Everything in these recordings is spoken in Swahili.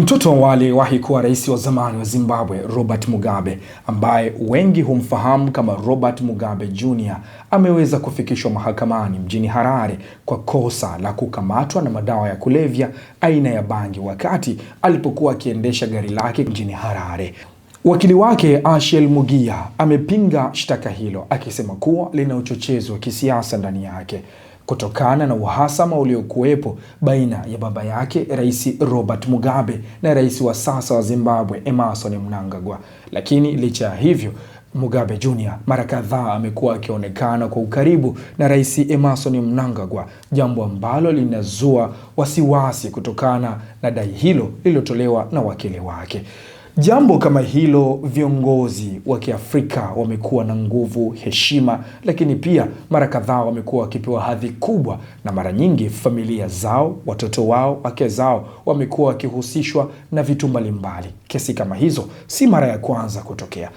Mtoto wa aliyewahi kuwa rais wa zamani wa Zimbabwe Robert Mugabe, ambaye wengi humfahamu kama Robert Mugabe Jr, ameweza kufikishwa mahakamani mjini Harare kwa kosa la kukamatwa na madawa ya kulevya aina ya bangi wakati alipokuwa akiendesha gari lake mjini Harare. Wakili wake Ashel Mugia amepinga shtaka hilo akisema kuwa lina uchochezi wa kisiasa ndani yake kutokana na uhasama uliokuwepo baina ya baba yake Rais Robert Mugabe na rais wa sasa wa Zimbabwe Emmerson Mnangagwa. Lakini licha ya hivyo Mugabe Jr mara kadhaa amekuwa akionekana kwa ukaribu na Rais Emmerson Mnangagwa, jambo ambalo linazua wasiwasi kutokana na dai hilo lililotolewa na wakili wake. Jambo kama hilo viongozi wa Kiafrika wamekuwa na nguvu, heshima, lakini pia mara kadhaa wamekuwa wakipewa hadhi kubwa, na mara nyingi familia zao, watoto wao, wake zao wamekuwa wakihusishwa na vitu mbalimbali. Kesi kama hizo si mara ya kwanza kutokea.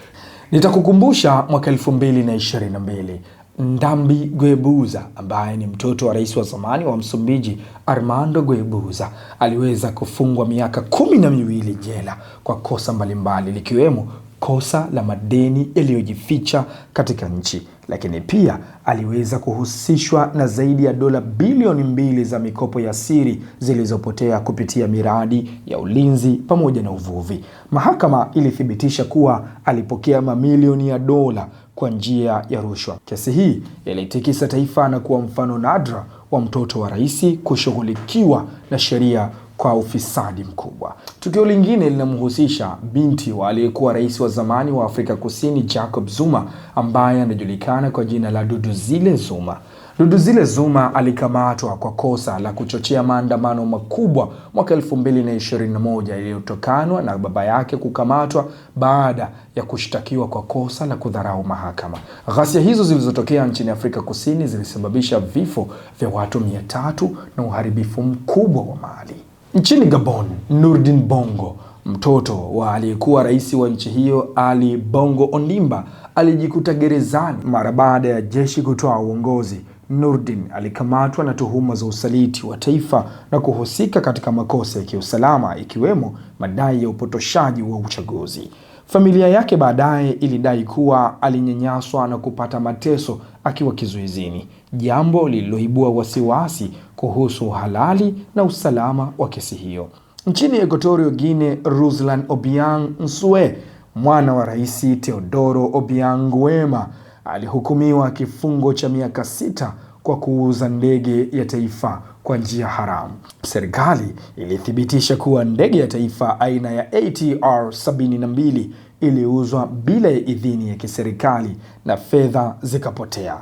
Nitakukumbusha mwaka 2022 Ndambi Guebuza ambaye ni mtoto wa rais wa zamani wa Msumbiji Armando Guebuza aliweza kufungwa miaka kumi na miwili jela kwa kosa mbalimbali likiwemo kosa la madeni yaliyojificha katika nchi, lakini pia aliweza kuhusishwa na zaidi ya dola bilioni mbili za mikopo ya siri zilizopotea kupitia miradi ya ulinzi pamoja na uvuvi. Mahakama ilithibitisha kuwa alipokea mamilioni ya dola kwa njia ya rushwa. Kesi hii ilitikisa taifa na kuwa mfano nadra wa mtoto wa rais kushughulikiwa na sheria kwa ufisadi mkubwa. Tukio lingine linamhusisha binti wa aliyekuwa rais wa zamani wa Afrika Kusini Jacob Zuma ambaye anajulikana kwa jina la Duduzile Zuma. Duduzile Zuma alikamatwa kwa kosa la kuchochea maandamano makubwa mwaka 2021 iliyotokanwa na baba yake kukamatwa baada ya kushtakiwa kwa kosa la kudharau mahakama. Ghasia hizo zilizotokea nchini Afrika Kusini zilisababisha vifo vya watu 3 na uharibifu mkubwa wa mali. Nchini Gabon, Nurdin Bongo, mtoto wa aliyekuwa rais wa nchi hiyo Ali Bongo Ondimba, alijikuta gerezani mara baada ya jeshi kutoa uongozi. Nurdin alikamatwa na tuhuma za usaliti wa taifa na kuhusika katika makosa ya kiusalama ikiwemo madai ya upotoshaji wa uchaguzi. Familia yake baadaye ilidai kuwa alinyanyaswa na kupata mateso akiwa kizuizini, jambo lililoibua wasiwasi kuhusu uhalali na usalama wa kesi hiyo. Nchini Equatorial Guinea, Ruslan Obiang Nsue, mwana wa Rais Teodoro Obiang Nguema, alihukumiwa kifungo cha miaka sita kwa kuuza ndege ya taifa kwa njia haramu. Serikali ilithibitisha kuwa ndege ya taifa aina ya ATR 72 iliuzwa bila ya idhini ya kiserikali na fedha zikapotea.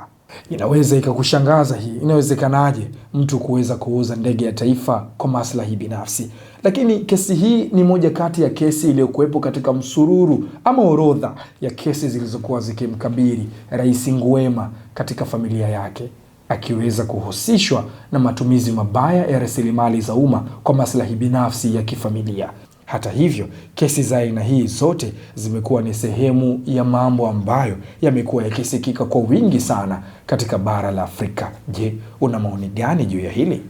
Inaweza ikakushangaza hii, inawezekanaje mtu kuweza kuuza ndege ya taifa kwa maslahi binafsi? Lakini kesi hii ni moja kati ya kesi iliyokuwepo katika msururu ama orodha ya kesi zilizokuwa zikimkabili Rais Nguema katika familia yake akiweza kuhusishwa na matumizi mabaya ya rasilimali za umma kwa maslahi binafsi ya kifamilia. Hata hivyo, kesi za aina hii zote zimekuwa ni sehemu ya mambo ambayo yamekuwa yakisikika kwa wingi sana katika bara la Afrika. Je, una maoni gani juu ya hili?